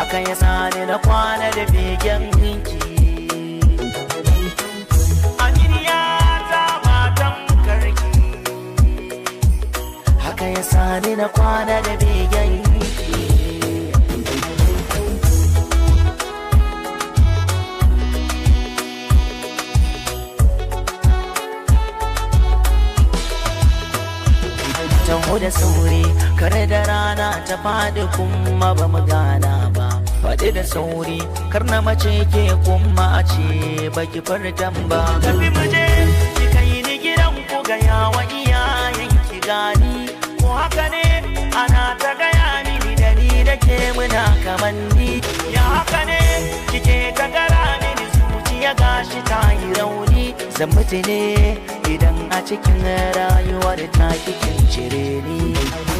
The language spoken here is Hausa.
hakan ya sani na kwana da begen ninki Hakan ya sani na kwana da begen ninki da sauri kare da rana ta faɗi kuma ba mu gana faɗi da sauri kar na mace ke kuma a ce baki fartan ba tafi muje ki kai ni gidan ku ga yawa iyayen ki gani ko haka ne ana ta gaya mini da ni da ke muna ni ya haka ne kike ta gara mini zuciya gashi ta yi rauni zan mutu ne idan a cikin rayuwar ta kikin cire ni